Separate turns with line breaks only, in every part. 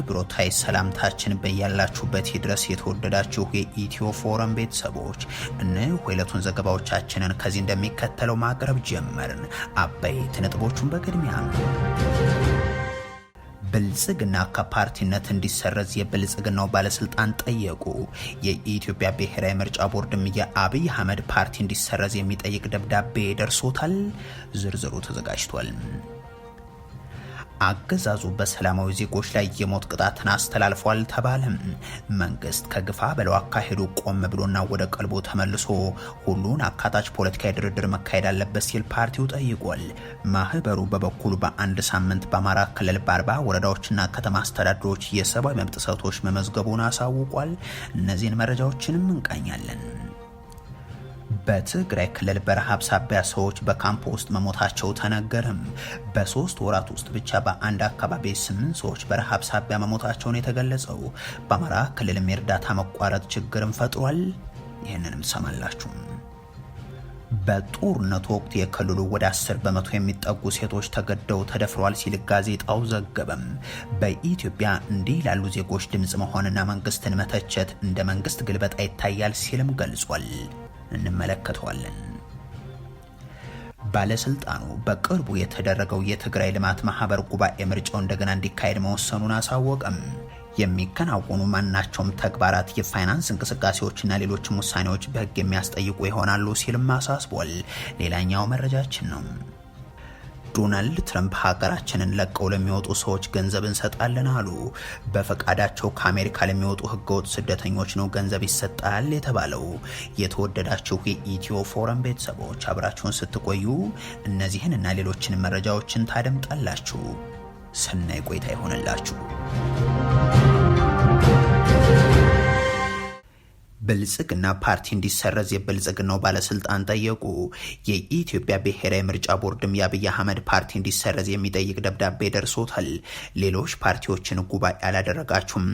አክብሮታይ ሰላምታችን በያላችሁበት ድረስ የተወደዳችሁ የኢትዮ ፎረም ቤተሰቦች እነሆ የዕለቱን ዘገባዎቻችንን ከዚህ እንደሚከተለው ማቅረብ ጀመርን። አበይት ነጥቦቹን በቅድሚያ ብልጽግና ከፓርቲነት እንዲሰረዝ የብልጽግናው ባለስልጣን ጠየቁ። የኢትዮጵያ ብሔራዊ ምርጫ ቦርድም የአብይ አህመድ ፓርቲ እንዲሰረዝ የሚጠይቅ ደብዳቤ ደርሶታል። ዝርዝሩ ተዘጋጅቷል። አገዛዙ በሰላማዊ ዜጎች ላይ የሞት ቅጣትን አስተላልፏል ተባለም። መንግስት ከግፋ በለው አካሄዱ ቆም ብሎና ወደ ቀልቦ ተመልሶ ሁሉን አካታች ፖለቲካዊ ድርድር መካሄድ አለበት ሲል ፓርቲው ጠይቋል። ማህበሩ በበኩሉ በአንድ ሳምንት በአማራ ክልል በአርባ ወረዳዎችና ከተማ አስተዳደሮች የሰብአዊ መብት ጥሰቶች መመዝገቡን አሳውቋል። እነዚህን መረጃዎችንም እንቃኛለን። በትግራይ ክልል በረሃብ ሳቢያ ሰዎች በካምፕ ውስጥ መሞታቸው ተነገርም። በሶስት ወራት ውስጥ ብቻ በአንድ አካባቢ ስምንት ሰዎች በረሃብ ሳቢያ መሞታቸውን የተገለጸው። በአማራ ክልልም የእርዳታ መቋረጥ ችግርን ፈጥሯል። ይህንንም ሰማላችሁ። በጦርነቱ ወቅት የክልሉ ወደ 10 በመቶ የሚጠጉ ሴቶች ተገደው ተደፍረዋል ሲል ጋዜጣው ዘገበም። በኢትዮጵያ እንዲህ ላሉ ዜጎች ድምፅ መሆንና መንግስትን መተቸት እንደ መንግስት ግልበጣ ይታያል ሲልም ገልጿል። እንመለከተዋለን። ባለስልጣኑ በቅርቡ የተደረገው የትግራይ ልማት ማህበር ጉባኤ ምርጫው እንደገና እንዲካሄድ መወሰኑን አሳወቀም። የሚከናወኑ ማናቸውም ተግባራት የፋይናንስ እንቅስቃሴዎችና ሌሎችም ውሳኔዎች በሕግ የሚያስጠይቁ ይሆናሉ ሲልም አሳስቧል። ሌላኛው መረጃችን ነው። ዶናልድ ትረምፕ ሀገራችንን ለቀው ለሚወጡ ሰዎች ገንዘብ እንሰጣለን አሉ። በፈቃዳቸው ከአሜሪካ ለሚወጡ ህገወጥ ስደተኞች ነው ገንዘብ ይሰጣል የተባለው። የተወደዳችሁ የኢትዮ ፎረም ቤተሰቦች አብራችሁን ስትቆዩ እነዚህን እና ሌሎችን መረጃዎችን ታደምጣላችሁ። ሰናይ ቆይታ ይሆንላችሁ። ብልጽግና ፓርቲ እንዲሰረዝ የብልጽግናው ባለስልጣን ጠየቁ። የኢትዮጵያ ብሔራዊ ምርጫ ቦርድም የአብይ አህመድ ፓርቲ እንዲሰረዝ የሚጠይቅ ደብዳቤ ደርሶታል። ሌሎች ፓርቲዎችን ጉባኤ አላደረጋችሁም፣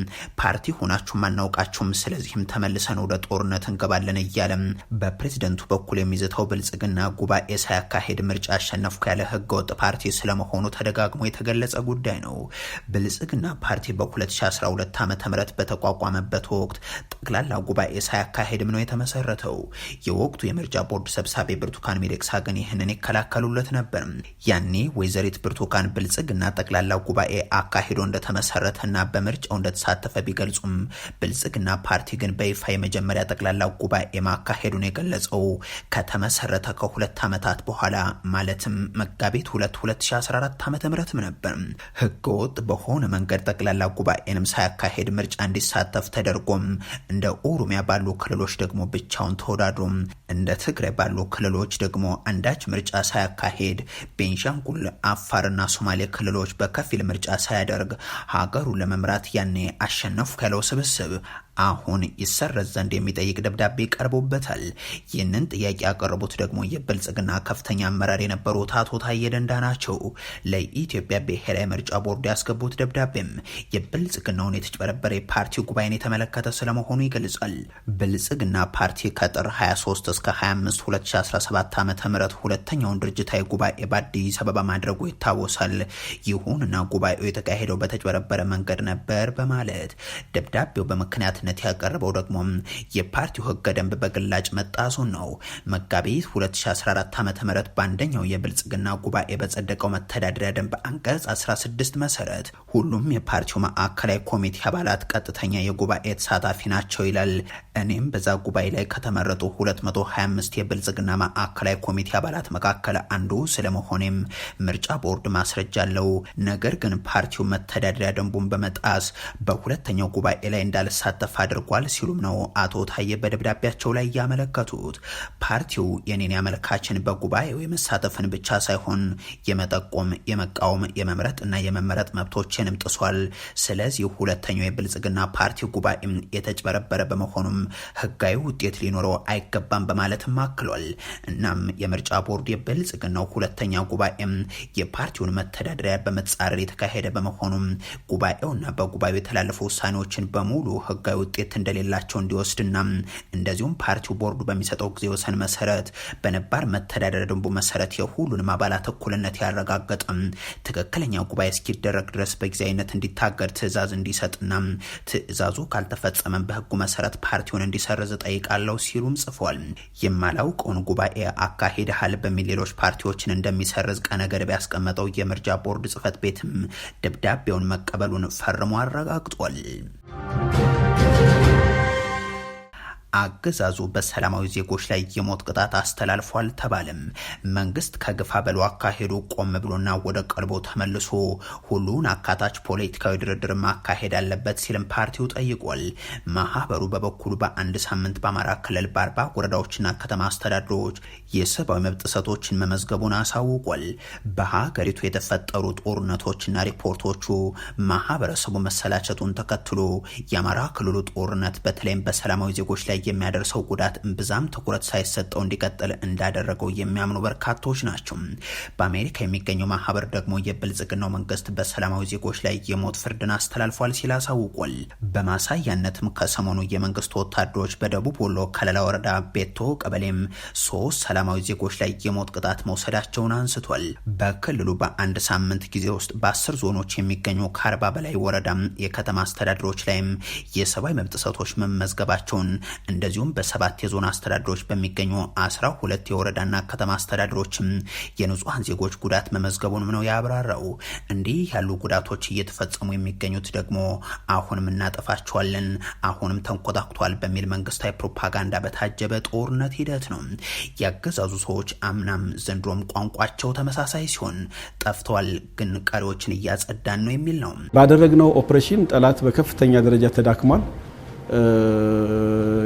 ፓርቲ ሆናችሁም አናውቃችሁም፣ ስለዚህም ተመልሰን ወደ ጦርነት እንገባለን እያለም በፕሬዝደንቱ በኩል የሚዘታው ብልጽግና ጉባኤ ሳያካሄድ ምርጫ አሸነፍኩ ያለ ህገወጥ ፓርቲ ስለመሆኑ ተደጋግሞ የተገለጸ ጉዳይ ነው። ብልጽግና ፓርቲ በ2012 ዓ ም በተቋቋመበት ወቅት ጠቅላላ ጉባኤ ሳያካሄድም ነው የተመሰረተው። የወቅቱ የምርጫ ቦርድ ሰብሳቢ ብርቱካን ሚደቅሳ ግን ይህንን ይከላከሉለት ነበር። ያኔ ወይዘሪት ብርቱካን ብልጽግና ጠቅላላ ጉባኤ አካሂዶ እንደተመሰረተና በምርጫው እንደተሳተፈ ቢገልጹም ብልጽግና ፓርቲ ግን በይፋ የመጀመሪያ ጠቅላላ ጉባኤ ማካሄዱን የገለጸው ከተመሰረተ ከሁለት ዓመታት በኋላ ማለትም መጋቢት 2 2014 ዓ ም ነበር። ህገወጥ በሆነ መንገድ ጠቅላላ ጉባኤንም ሳያካሄድ ምርጫ እንዲሳተፍ ተደርጎም እንደ ኦሮሚያ ባሉ ክልሎች ደግሞ ብቻውን ተወዳድሮም እንደ ትግራይ ባሉ ክልሎች ደግሞ አንዳች ምርጫ ሳያካሄድ ቤንሻንጉል፣ አፋርና ሶማሌ ክልሎች በከፊል ምርጫ ሳያደርግ ሀገሩን ለመምራት ያኔ አሸነፉ ያለው ስብስብ አሁን ይሰረዝ ዘንድ የሚጠይቅ ደብዳቤ ቀርቦበታል። ይህንን ጥያቄ ያቀረቡት ደግሞ የብልጽግና ከፍተኛ አመራር የነበሩት አቶ ታዬ ደንዳ ናቸው። ለኢትዮጵያ ብሔራዊ ምርጫ ቦርድ ያስገቡት ደብዳቤም የብልጽግናውን የተጭበረበረ የፓርቲ ጉባኤን የተመለከተ ስለመሆኑ ይገልጻል። ብልጽግና ፓርቲ ከጥር 23 እስከ 25 2017 ዓ ም ሁለተኛውን ድርጅታዊ ጉባኤ በአዲስ አበባ ማድረጉ ይታወሳል። ይሁንና ጉባኤው የተካሄደው በተጭበረበረ መንገድ ነበር በማለት ደብዳቤው በምክንያት መስዋዕትነት ያቀረበው ደግሞ የፓርቲው ህገ ደንብ በግላጭ መጣሱን ነው። መጋቢት 2014 ዓ ም በአንደኛው የብልጽግና ጉባኤ በጸደቀው መተዳደሪያ ደንብ አንቀጽ 16 መሰረት ሁሉም የፓርቲው ማዕከላዊ ኮሚቴ አባላት ቀጥተኛ የጉባኤ ተሳታፊ ናቸው ይላል። እኔም በዛ ጉባኤ ላይ ከተመረጡ 225 የብልጽግና ማዕከላዊ ኮሚቴ አባላት መካከል አንዱ ስለመሆኔም ምርጫ ቦርድ ማስረጃ አለው። ነገር ግን ፓርቲው መተዳደሪያ ደንቡን በመጣስ በሁለተኛው ጉባኤ ላይ እንዳልሳተፍ ከፍ አድርጓል ሲሉም ነው አቶ ታዬ በደብዳቤያቸው ላይ ያመለከቱት። ፓርቲው የኔን ያመልካችን በጉባኤው የመሳተፍን ብቻ ሳይሆን የመጠቆም፣ የመቃወም፣ የመምረጥ እና የመመረጥ መብቶችንም ጥሷል። ስለዚህ ሁለተኛው የብልጽግና ፓርቲ ጉባኤም የተጭበረበረ በመሆኑም ህጋዊ ውጤት ሊኖረው አይገባም በማለትም አክሏል። እናም የምርጫ ቦርድ የብልጽግናው ሁለተኛ ጉባኤም የፓርቲውን መተዳደሪያ በመጻረር የተካሄደ በመሆኑም ጉባኤውና በጉባኤው የተላለፉ ውሳኔዎችን በሙሉ ህጋዊ ውጤት እንደሌላቸው እንዲወስድና እንደዚሁም ፓርቲው ቦርዱ በሚሰጠው ጊዜ ወሰን መሰረት በነባር መተዳደሪያ ደንቡ መሰረት የሁሉንም አባላት እኩልነት ያረጋገጠ ትክክለኛ ጉባኤ እስኪደረግ ድረስ በጊዜያዊነት እንዲታገድ ትዕዛዝ እንዲሰጥና ትዕዛዙ ካልተፈጸመም በህጉ መሰረት ፓርቲውን እንዲሰርዝ ጠይቃለሁ ሲሉም ጽፏል። የማላውቀውን ጉባኤ አካሄድሃል በሚል ሌሎች ፓርቲዎችን እንደሚሰርዝ ቀነ ገደብ ያስቀመጠው የምርጫ ቦርድ ጽህፈት ቤትም ደብዳቤውን መቀበሉን ፈርሞ አረጋግጧል። አገዛዙ በሰላማዊ ዜጎች ላይ የሞት ቅጣት አስተላልፏል ተባለም። መንግስት ከግፋ በሎ አካሄዱ ቆም ብሎና ወደ ቀልቦ ተመልሶ ሁሉን አካታች ፖለቲካዊ ድርድር ማካሄድ አለበት ሲልም ፓርቲው ጠይቋል። ማህበሩ በበኩሉ በአንድ ሳምንት በአማራ ክልል በአርባ ወረዳዎችና ከተማ አስተዳደሮች የሰብአዊ መብት ጥሰቶችን መመዝገቡን አሳውቋል። በሀገሪቱ የተፈጠሩ ጦርነቶችና ሪፖርቶቹ ማህበረሰቡ መሰላቸቱን ተከትሎ የአማራ ክልሉ ጦርነት በተለይም በሰላማዊ ዜጎች ላይ የሚያደርሰው ጉዳት እምብዛም ትኩረት ሳይሰጠው እንዲቀጥል እንዳደረገው የሚያምኑ በርካታዎች ናቸው። በአሜሪካ የሚገኘው ማህበር ደግሞ የብልጽግናው መንግስት በሰላማዊ ዜጎች ላይ የሞት ፍርድን አስተላልፏል ሲል አሳውቋል። በማሳያነትም ከሰሞኑ የመንግስት ወታደሮች በደቡብ ወሎ ከለላ ወረዳ ቤቶ ቀበሌም ሶስት ሰላማዊ ዜጎች ላይ የሞት ቅጣት መውሰዳቸውን አንስቷል። በክልሉ በአንድ ሳምንት ጊዜ ውስጥ በአስር ዞኖች የሚገኙ ከአርባ በላይ ወረዳም የከተማ አስተዳደሮች ላይም የሰብአዊ መብት ጥሰቶች መመዝገባቸውን እንደዚሁም በሰባት የዞን አስተዳደሮች በሚገኙ አስራ ሁለት የወረዳና ከተማ አስተዳደሮችም የንጹሐን ዜጎች ጉዳት መመዝገቡንም ነው ያብራራው። እንዲህ ያሉ ጉዳቶች እየተፈጸሙ የሚገኙት ደግሞ አሁንም እናጠፋቸዋለን፣ አሁንም ተንኮታኩቷል በሚል መንግስታዊ ፕሮፓጋንዳ በታጀበ ጦርነት ሂደት ነው። ያገዛዙ ሰዎች አምናም ዘንድሮም ቋንቋቸው ተመሳሳይ ሲሆን ጠፍተዋል፣ ግን ቀሪዎችን እያጸዳን ነው የሚል ነው።
ባደረግነው ኦፕሬሽን ጠላት በከፍተኛ ደረጃ ተዳክሟል።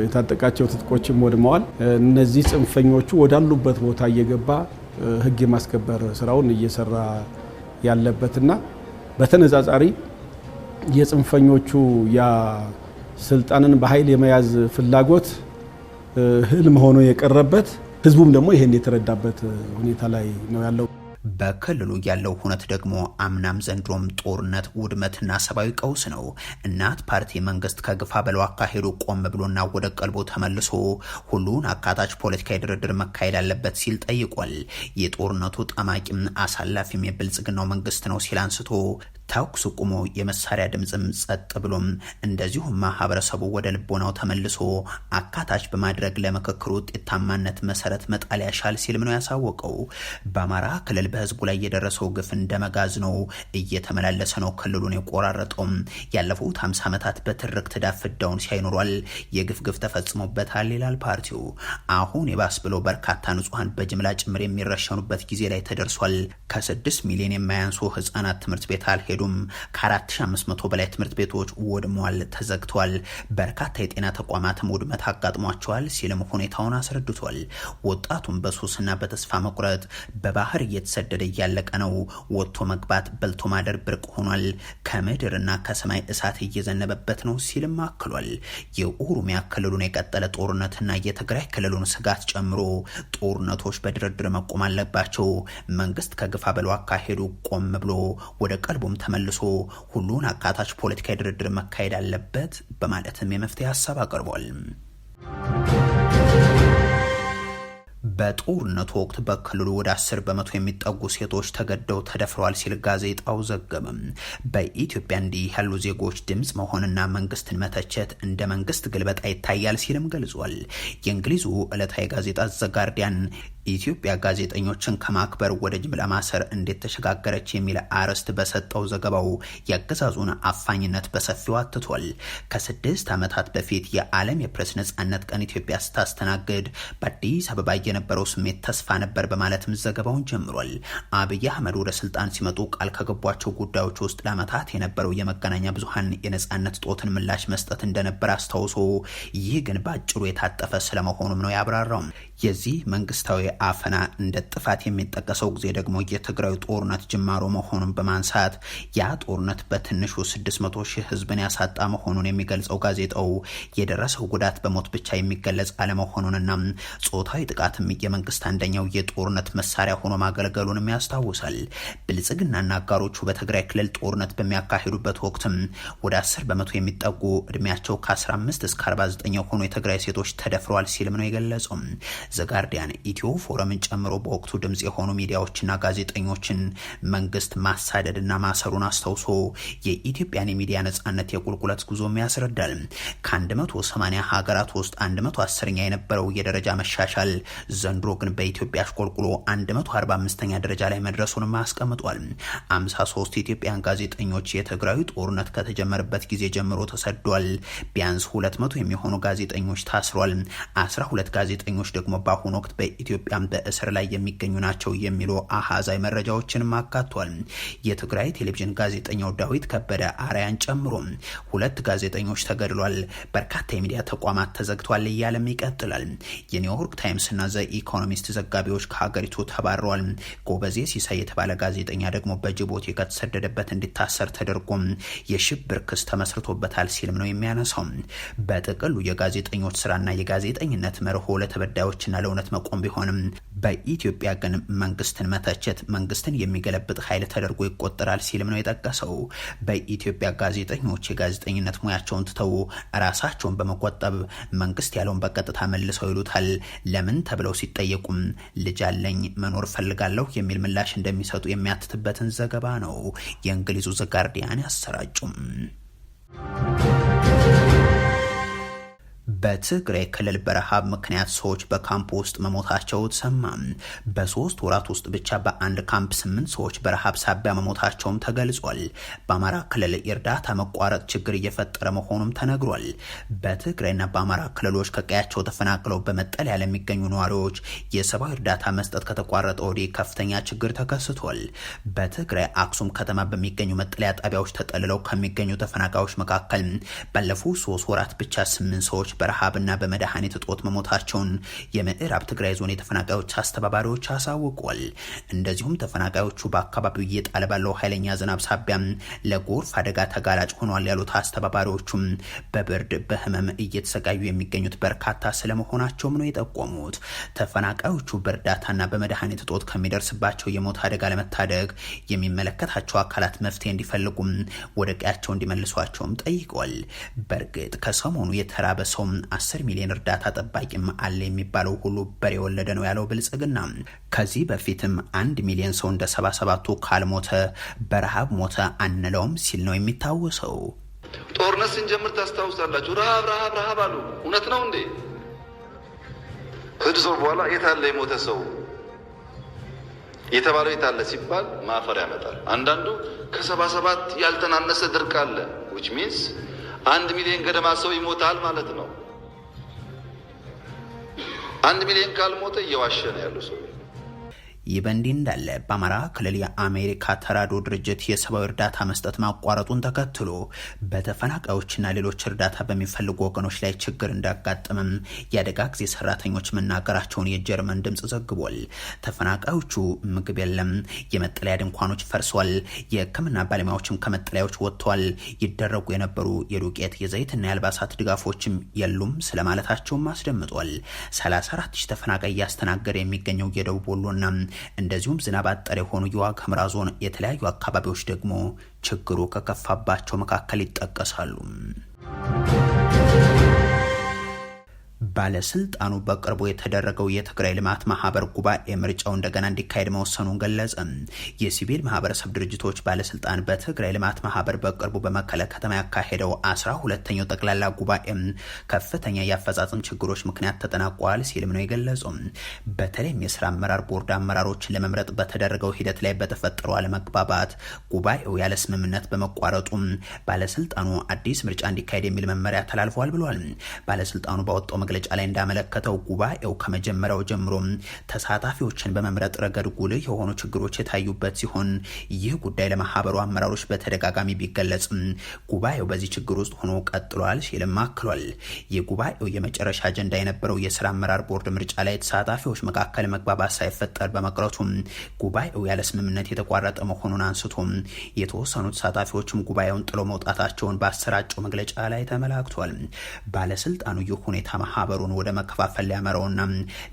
የታጠቃቸው ትጥቆችም ወድመዋል። እነዚህ ጽንፈኞቹ ወዳሉበት ቦታ እየገባ ህግ የማስከበር ስራውን እየሰራ ያለበትና በተነጻጻሪ የጽንፈኞቹ ያ ስልጣንን በኃይል የመያዝ ፍላጎት ህልም ሆኖ የቀረበት ህዝቡም ደግሞ ይሄን የተረዳበት ሁኔታ ላይ ነው ያለው።
በክልሉ ያለው ሁነት ደግሞ አምናም ዘንድሮም ጦርነት፣ ውድመትና ሰብአዊ ቀውስ ነው። እናት ፓርቲ መንግስት ከግፋ በለው አካሄዱ ቆም ብሎና ወደ ቀልቦ ተመልሶ ሁሉን አካታች ፖለቲካዊ ድርድር መካሄድ አለበት ሲል ጠይቋል። የጦርነቱ ጠማቂም አሳላፊም የብልጽግናው መንግስት ነው ሲል አንስቶ ተኩስ ቁሞ የመሳሪያ ድምፅም ጸጥ ብሎም እንደዚሁም ማህበረሰቡ ወደ ልቦናው ተመልሶ አካታች በማድረግ ለምክክሩ ውጤታማነት መሰረት መጣል ያሻል ሲልም ነው ያሳወቀው። በአማራ ክልል በህዝቡ ላይ የደረሰው ግፍ እንደመጋዝ ነው፣ እየተመላለሰ ነው ክልሉን የቆራረጠውም። ያለፉት 50 ዓመታት በትርክ ትዳፍ ፍዳውን ሲያይኖሯል የግፍ ግፍ ተፈጽሞበታል ይላል ፓርቲው። አሁን የባስ ብሎ በርካታ ንጹሐን በጅምላ ጭምር የሚረሸኑበት ጊዜ ላይ ተደርሷል ከስድስት ሚሊዮን የማያንሱ ህጻናት ትምህርት ቤት አልሄዱ አልተካሄዱም። ከ4500 በላይ ትምህርት ቤቶች ወድመዋል፣ ተዘግተዋል። በርካታ የጤና ተቋማትም ውድመት አጋጥሟቸዋል ሲልም ሁኔታውን አስረድቷል። ወጣቱም በሱስና በተስፋ መቁረጥ በባህር እየተሰደደ እያለቀ ነው። ወጥቶ መግባት፣ በልቶ ማደር ብርቅ ሆኗል። ከምድርና ከሰማይ እሳት እየዘነበበት ነው ሲልም አክሏል። የኦሮሚያ ክልሉን የቀጠለ ጦርነትና የትግራይ ክልሉን ስጋት ጨምሮ ጦርነቶች በድርድር መቆም አለባቸው። መንግስት ከግፋ በለው አካሄዱ ቆም ብሎ ወደ ቀልቡም ተመልሶ ሁሉን አካታች ፖለቲካዊ ድርድር መካሄድ አለበት በማለትም የመፍትሄ ሀሳብ አቅርቧል። በጦርነቱ ወቅት በክልሉ ወደ አስር በመቶ የሚጠጉ ሴቶች ተገደው ተደፍረዋል ሲል ጋዜጣው ዘገበም። በኢትዮጵያ እንዲህ ያሉ ዜጎች ድምፅ መሆንና መንግስትን መተቸት እንደ መንግስት ግልበጣ ይታያል ሲልም ገልጿል። የእንግሊዙ ዕለታዊ ጋዜጣ ዘጋርዲያን ኢትዮጵያ ጋዜጠኞችን ከማክበር ወደ ጅምላ ማሰር እንዴት ተሸጋገረች የሚል አርዕስት በሰጠው ዘገባው የአገዛዙን አፋኝነት በሰፊው አትቷል። ከስድስት ዓመታት በፊት የዓለም የፕሬስ ነጻነት ቀን ኢትዮጵያ ስታስተናግድ በአዲስ አበባ የነበረው ስሜት ተስፋ ነበር በማለትም ዘገባውን ጀምሯል። አብይ አህመድ ወደ ስልጣን ሲመጡ ቃል ከገቧቸው ጉዳዮች ውስጥ ለዓመታት የነበረው የመገናኛ ብዙሀን የነጻነት ጦትን ምላሽ መስጠት እንደነበር አስታውሶ ይህ ግን በአጭሩ የታጠፈ ስለመሆኑም ነው ያብራራው። የዚህ መንግስታዊ አፈና እንደ ጥፋት የሚጠቀሰው ጊዜ ደግሞ የትግራዩ ጦርነት ጅማሮ መሆኑን በማንሳት ያ ጦርነት በትንሹ 600 ሺህ ህዝብን ያሳጣ መሆኑን የሚገልጸው ጋዜጣው የደረሰው ጉዳት በሞት ብቻ የሚገለጽ አለመሆኑንና ጾታዊ ጥቃትም የመንግስት አንደኛው የጦርነት መሳሪያ ሆኖ ማገልገሉንም ያስታውሳል። ብልጽግናና አጋሮቹ በትግራይ ክልል ጦርነት በሚያካሂዱበት ወቅትም ወደ 10 በመቶ የሚጠጉ እድሜያቸው ከ15 እስከ 49 የሆኑ የትግራይ ሴቶች ተደፍረዋል ሲልም ነው የገለጸው። ዘጋርዲያን ኢትዮ ፎረምን ጨምሮ በወቅቱ ድምፅ የሆኑ ሚዲያዎችና ጋዜጠኞችን መንግስት ማሳደድና ማሰሩን አስታውሶ የኢትዮጵያን የሚዲያ ነጻነት የቁልቁለት ጉዞም ያስረዳል። ከ180 ሀገራት ውስጥ 110ኛ የነበረው የደረጃ መሻሻል ዘንድሮ ግን በኢትዮጵያ አሽቆልቁሎ 145ኛ ደረጃ ላይ መድረሱንም አስቀምጧል። 53 ኢትዮጵያን ጋዜጠኞች የትግራዊ ጦርነት ከተጀመረበት ጊዜ ጀምሮ ተሰዷል። ቢያንስ 200 የሚሆኑ ጋዜጠኞች ታስሯል። 12 ጋዜጠኞች ደግሞ በአሁኑ ወቅት በኢትዮጵያ በእስር ላይ የሚገኙ ናቸው የሚሉ አሃዛዊ መረጃዎችንም አካቷል። የትግራይ ቴሌቪዥን ጋዜጠኛው ዳዊት ከበደ አርያን ጨምሮ ሁለት ጋዜጠኞች ተገድሏል፣ በርካታ የሚዲያ ተቋማት ተዘግቷል እያለም ይቀጥላል። የኒውዮርክ ታይምስና ዘ ኢኮኖሚስት ዘጋቢዎች ከሀገሪቱ ተባረዋል። ጎበዜ ሲሳይ የተባለ ጋዜጠኛ ደግሞ በጅቡቲ ከተሰደደበት እንዲታሰር ተደርጎም የሽብር ክስ ተመስርቶበታል ሲልም ነው የሚያነሳው። በጥቅሉ የጋዜጠኞች ስራና የጋዜጠኝነት መርሆ ለተበዳዮች ለእውነትና ለእውነት መቆም ቢሆንም በኢትዮጵያ ግን መንግስትን መተቸት መንግስትን የሚገለብጥ ኃይል ተደርጎ ይቆጠራል ሲልም ነው የጠቀሰው። በኢትዮጵያ ጋዜጠኞች የጋዜጠኝነት ሙያቸውን ትተው ራሳቸውን በመቆጠብ መንግስት ያለውን በቀጥታ መልሰው ይሉታል። ለምን ተብለው ሲጠየቁም ልጅ አለኝ መኖር ፈልጋለሁ የሚል ምላሽ እንደሚሰጡ የሚያትትበትን ዘገባ ነው የእንግሊዙ ዘጋርዲያን ያሰራጩም። በትግራይ ክልል በረሃብ ምክንያት ሰዎች በካምፕ ውስጥ መሞታቸው ተሰማ። በሶስት ወራት ውስጥ ብቻ በአንድ ካምፕ ስምንት ሰዎች በረሃብ ሳቢያ መሞታቸውም ተገልጿል። በአማራ ክልል የእርዳታ መቋረጥ ችግር እየፈጠረ መሆኑም ተነግሯል። በትግራይና በአማራ ክልሎች ከቀያቸው ተፈናቅለው በመጠለያ ለሚገኙ ነዋሪዎች የሰብአዊ እርዳታ መስጠት ከተቋረጠ ወዲህ ከፍተኛ ችግር ተከስቷል። በትግራይ አክሱም ከተማ በሚገኙ መጠለያ ጣቢያዎች ተጠልለው ከሚገኙ ተፈናቃዮች መካከል ባለፉት ሶስት ወራት ብቻ ስምንት ሰዎች በረሃብና በመድኃኒት እጦት መሞታቸውን የምዕራብ ትግራይ ዞን የተፈናቃዮች አስተባባሪዎች አሳውቋል። እንደዚሁም ተፈናቃዮቹ በአካባቢው እየጣለ ባለው ኃይለኛ ዝናብ ሳቢያም ለጎርፍ አደጋ ተጋላጭ ሆኗል ያሉት አስተባባሪዎቹም በብርድ በህመም እየተሰቃዩ የሚገኙት በርካታ ስለመሆናቸውም ነው የጠቆሙት። ተፈናቃዮቹ በእርዳታና በመድኃኒት እጦት ከሚደርስባቸው የሞት አደጋ ለመታደግ የሚመለከታቸው አካላት መፍትሄ እንዲፈልጉም ወደ ቀያቸው እንዲመልሷቸውም ጠይቀዋል። በእርግጥ ከሰሞኑ የተራበ ሰውም 10 ሚሊዮን እርዳታ ጠባቂም አለ የሚባለው ሁሉ በሬ የወለደ ነው ያለው ብልጽግና ከዚህ በፊትም አንድ ሚሊዮን ሰው እንደ ሰባ ካል ካልሞተ በረሃብ ሞተ አንለውም ሲል ነው የሚታወሰው።
ጦርነት ስንጀምር ታስታውሳላችሁ፣ ረሃብ ረሃብ ረሃብ አሉ። እውነት ነው እንዴ? ስድስት ወር በኋላ የታለ የሞተ ሰው የተባለው የታለ ሲባል ማፈር ያመጣል። አንዳንዱ ከሰባ ሰባት ያልተናነሰ ድርቅ አለ። ዊች ሚንስ አንድ ሚሊዮን ገደማ ሰው ይሞታል ማለት ነው። አንድ ሚሊዮን ካልሞተ እየዋሸ ነው ያሉ ሰው
ይህ በእንዲህ እንዳለ በአማራ ክልል የአሜሪካ ተራድኦ ድርጅት የሰብአዊ እርዳታ መስጠት ማቋረጡን ተከትሎ በተፈናቃዮችና ሌሎች እርዳታ በሚፈልጉ ወገኖች ላይ ችግር እንዳጋጠምም የአደጋ ጊዜ ሰራተኞች መናገራቸውን የጀርመን ድምፅ ዘግቧል። ተፈናቃዮቹ ምግብ የለም፣ የመጠለያ ድንኳኖች ፈርሷል፣ የህክምና ባለሙያዎችም ከመጠለያዎች ወጥተዋል፣ ይደረጉ የነበሩ የዱቄት የዘይትና የአልባሳት ድጋፎችም የሉም ስለማለታቸውም አስደምጧል። 34 ሺህ ተፈናቃይ እያስተናገደ የሚገኘው የደቡብ ወሎና እንደዚሁም ዝናብ አጠር የሆኑ የዋግ ኽምራ ዞን የተለያዩ አካባቢዎች ደግሞ ችግሩ ከከፋባቸው መካከል ይጠቀሳሉ። ባለስልጣኑ በቅርቡ የተደረገው የትግራይ ልማት ማህበር ጉባኤ ምርጫው እንደገና እንዲካሄድ መወሰኑን ገለጸ። የሲቪል ማህበረሰብ ድርጅቶች ባለስልጣን በትግራይ ልማት ማህበር በቅርቡ በመቀለ ከተማ ያካሄደው አስራ ሁለተኛው ጠቅላላ ጉባኤ ከፍተኛ የአፈጻጸም ችግሮች ምክንያት ተጠናቋል ሲልም ነው የገለጹ። በተለይም የስራ አመራር ቦርድ አመራሮችን ለመምረጥ በተደረገው ሂደት ላይ በተፈጠረው አለመግባባት ጉባኤው ያለ ስምምነት በመቋረጡ ባለስልጣኑ አዲስ ምርጫ እንዲካሄድ የሚል መመሪያ ተላልፏል ብሏል። ባለስልጣኑ ባወጣው መግለጫ ላይ እንዳመለከተው ጉባኤው ከመጀመሪያው ጀምሮ ተሳታፊዎችን በመምረጥ ረገድ ጉልህ የሆኑ ችግሮች የታዩበት ሲሆን ይህ ጉዳይ ለማህበሩ አመራሮች በተደጋጋሚ ቢገለጽም ጉባኤው በዚህ ችግር ውስጥ ሆኖ ቀጥሏል ሲልም አክሏል። የጉባኤው የመጨረሻ አጀንዳ የነበረው የስራ አመራር ቦርድ ምርጫ ላይ ተሳታፊዎች መካከል መግባባት ሳይፈጠር በመቅረቱም ጉባኤው ያለ ስምምነት የተቋረጠ መሆኑን አንስቶም የተወሰኑ ተሳታፊዎችም ጉባኤውን ጥሎ መውጣታቸውን በአሰራጨው መግለጫ ላይ ተመላክቷል። ባለስልጣኑ ይህ ሁኔታ ማህበሩን ወደ መከፋፈል ሊያመራውና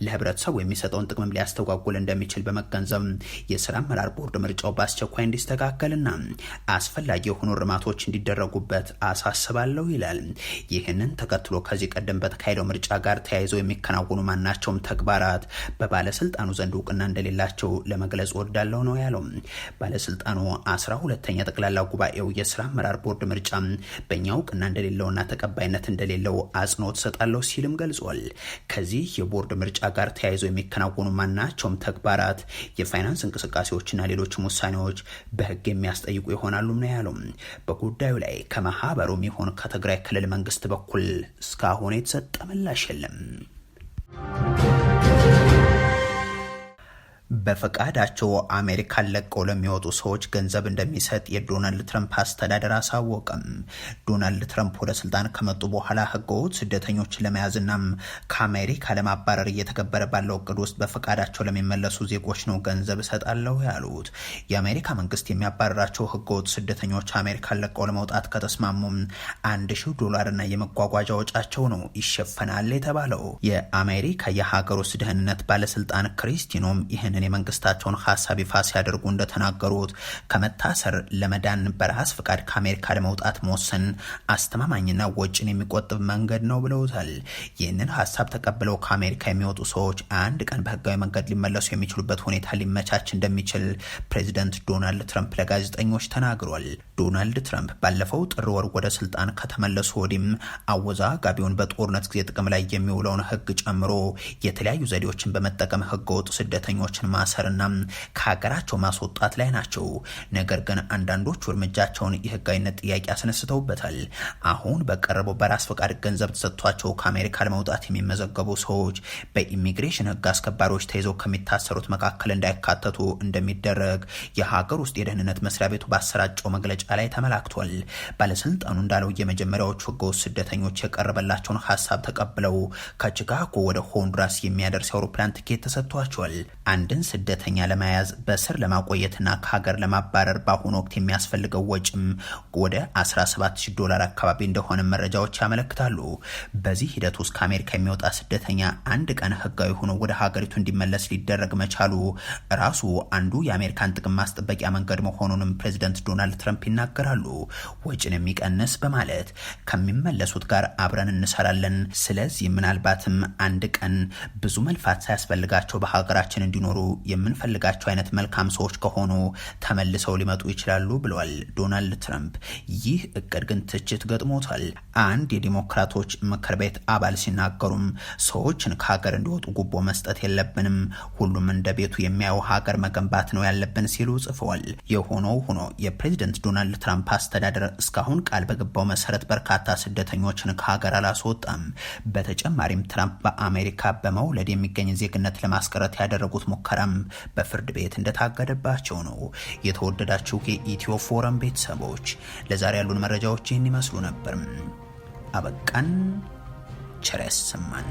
ለህብረተሰቡ የሚሰጠውን ጥቅምም ሊያስተጓጉል እንደሚችል በመገንዘብ የስራ አመራር ቦርድ ምርጫው በአስቸኳይ እንዲስተካከልና አስፈላጊ የሆኑ እርማቶች እንዲደረጉበት አሳስባለሁ ይላል። ይህንን ተከትሎ ከዚህ ቀደም በተካሄደው ምርጫ ጋር ተያይዘው የሚከናወኑ ማናቸውም ተግባራት በባለስልጣኑ ዘንድ እውቅና እንደሌላቸው ለመግለጽ ወዳለው ነው ያለው። ባለስልጣኑ አስራ ሁለተኛ ጠቅላላ ጉባኤው የስራ አመራር ቦርድ ምርጫ በእኛ እውቅና እንደሌለውና ተቀባይነት እንደሌለው አጽንኦት ሰጣለሁ ሲልም መሆኑንም ገልጿል። ከዚህ የቦርድ ምርጫ ጋር ተያይዞ የሚከናወኑ ማናቸውም ተግባራት፣ የፋይናንስ እንቅስቃሴዎችና ሌሎችም ውሳኔዎች በህግ የሚያስጠይቁ ይሆናሉም ነው ያለው። በጉዳዩ ላይ ከማህበሩም የሚሆን ከትግራይ ክልል መንግስት በኩል እስካሁን የተሰጠ ምላሽ የለም። በፈቃዳቸው አሜሪካን ለቀው ለሚወጡ ሰዎች ገንዘብ እንደሚሰጥ የዶናልድ ትረምፕ አስተዳደር አሳወቀም። ዶናልድ ትረምፕ ወደ ስልጣን ከመጡ በኋላ ህገወጥ ስደተኞችን ለመያዝና ከአሜሪካ ለማባረር እየተገበረ ባለው እቅድ ውስጥ በፈቃዳቸው ለሚመለሱ ዜጎች ነው ገንዘብ እሰጣለሁ ያሉት። የአሜሪካ መንግስት የሚያባረራቸው ህገወጥ ስደተኞች አሜሪካን ለቀው ለመውጣት ከተስማሙ አንድ ሺህ ዶላርና የመጓጓዣ ወጫቸው ነው ይሸፈናል የተባለው። የአሜሪካ የሀገር ውስጥ ደህንነት ባለስልጣን ክሪስቲኖም ይህን ይህንን የመንግስታቸውን ሀሳብ ይፋ ሲያደርጉ እንደተናገሩት ከመታሰር ለመዳን በራስ ፍቃድ ከአሜሪካ ለመውጣት መወሰን አስተማማኝና ወጭን የሚቆጥብ መንገድ ነው ብለውታል። ይህንን ሀሳብ ተቀብለው ከአሜሪካ የሚወጡ ሰዎች አንድ ቀን በህጋዊ መንገድ ሊመለሱ የሚችሉበት ሁኔታ ሊመቻች እንደሚችል ፕሬዚደንት ዶናልድ ትረምፕ ለጋዜጠኞች ተናግሯል። ዶናልድ ትረምፕ ባለፈው ጥር ወር ወደ ስልጣን ከተመለሱ ወዲህም አወዛጋቢውን በጦርነት ጊዜ ጥቅም ላይ የሚውለውን ህግ ጨምሮ የተለያዩ ዘዴዎችን በመጠቀም ህገወጥ ስደተኞች ሰዎችን ማሰርና ከሀገራቸው ማስወጣት ላይ ናቸው። ነገር ግን አንዳንዶቹ እርምጃቸውን የህጋዊነት ጥያቄ አስነስተውበታል። አሁን በቀረበው በራስ ፈቃድ ገንዘብ ተሰጥቷቸው ከአሜሪካ ለመውጣት የሚመዘገቡ ሰዎች በኢሚግሬሽን ህግ አስከባሪዎች ተይዘው ከሚታሰሩት መካከል እንዳይካተቱ እንደሚደረግ የሀገር ውስጥ የደህንነት መስሪያ ቤቱ ባሰራጨው መግለጫ ላይ ተመላክቷል። ባለስልጣኑ እንዳለው የመጀመሪያዎቹ ህገወጥ ስደተኞች የቀረበላቸውን ሀሳብ ተቀብለው ከቺካጎ ወደ ሆንዱራስ የሚያደርስ የአውሮፕላን ትኬት ተሰጥቷቸዋል። አንድ አንድን ስደተኛ ለመያዝ በስር ለማቆየትና ከሀገር ለማባረር በአሁኑ ወቅት የሚያስፈልገው ወጪም ወደ 17 ዶላር አካባቢ እንደሆነ መረጃዎች ያመለክታሉ። በዚህ ሂደት ውስጥ ከአሜሪካ የሚወጣ ስደተኛ አንድ ቀን ህጋዊ ሆኖ ወደ ሀገሪቱ እንዲመለስ ሊደረግ መቻሉ ራሱ አንዱ የአሜሪካን ጥቅም ማስጠበቂያ መንገድ መሆኑንም ፕሬዚደንት ዶናልድ ትረምፕ ይናገራሉ። ወጪን የሚቀንስ በማለት ከሚመለሱት ጋር አብረን እንሰራለን። ስለዚህ ምናልባትም አንድ ቀን ብዙ መልፋት ሳያስፈልጋቸው በሀገራችን እንዲኖሩ የምንፈልጋቸው አይነት መልካም ሰዎች ከሆኑ ተመልሰው ሊመጡ ይችላሉ ብለዋል ዶናልድ ትራምፕ። ይህ እቅድ ግን ትችት ገጥሞታል። አንድ የዲሞክራቶች ምክር ቤት አባል ሲናገሩም ሰዎችን ከሀገር እንዲወጡ ጉቦ መስጠት የለብንም፣ ሁሉም እንደ ቤቱ የሚያየው ሀገር መገንባት ነው ያለብን ሲሉ ጽፈዋል። የሆኖ ሆኖ የፕሬዚደንት ዶናልድ ትራምፕ አስተዳደር እስካሁን ቃል በገባው መሰረት በርካታ ስደተኞችን ከሀገር አላስወጣም። በተጨማሪም ትራምፕ በአሜሪካ በመውለድ የሚገኝ ዜግነት ለማስቀረት ያደረጉት ሙከራ በኋላም በፍርድ ቤት እንደታገደባቸው ነው። የተወደዳችሁ የኢትዮ ፎረም ቤተሰቦች ለዛሬ ያሉን መረጃዎች ይህን ይመስሉ ነበር። አበቃን። ቸር ያሰማን።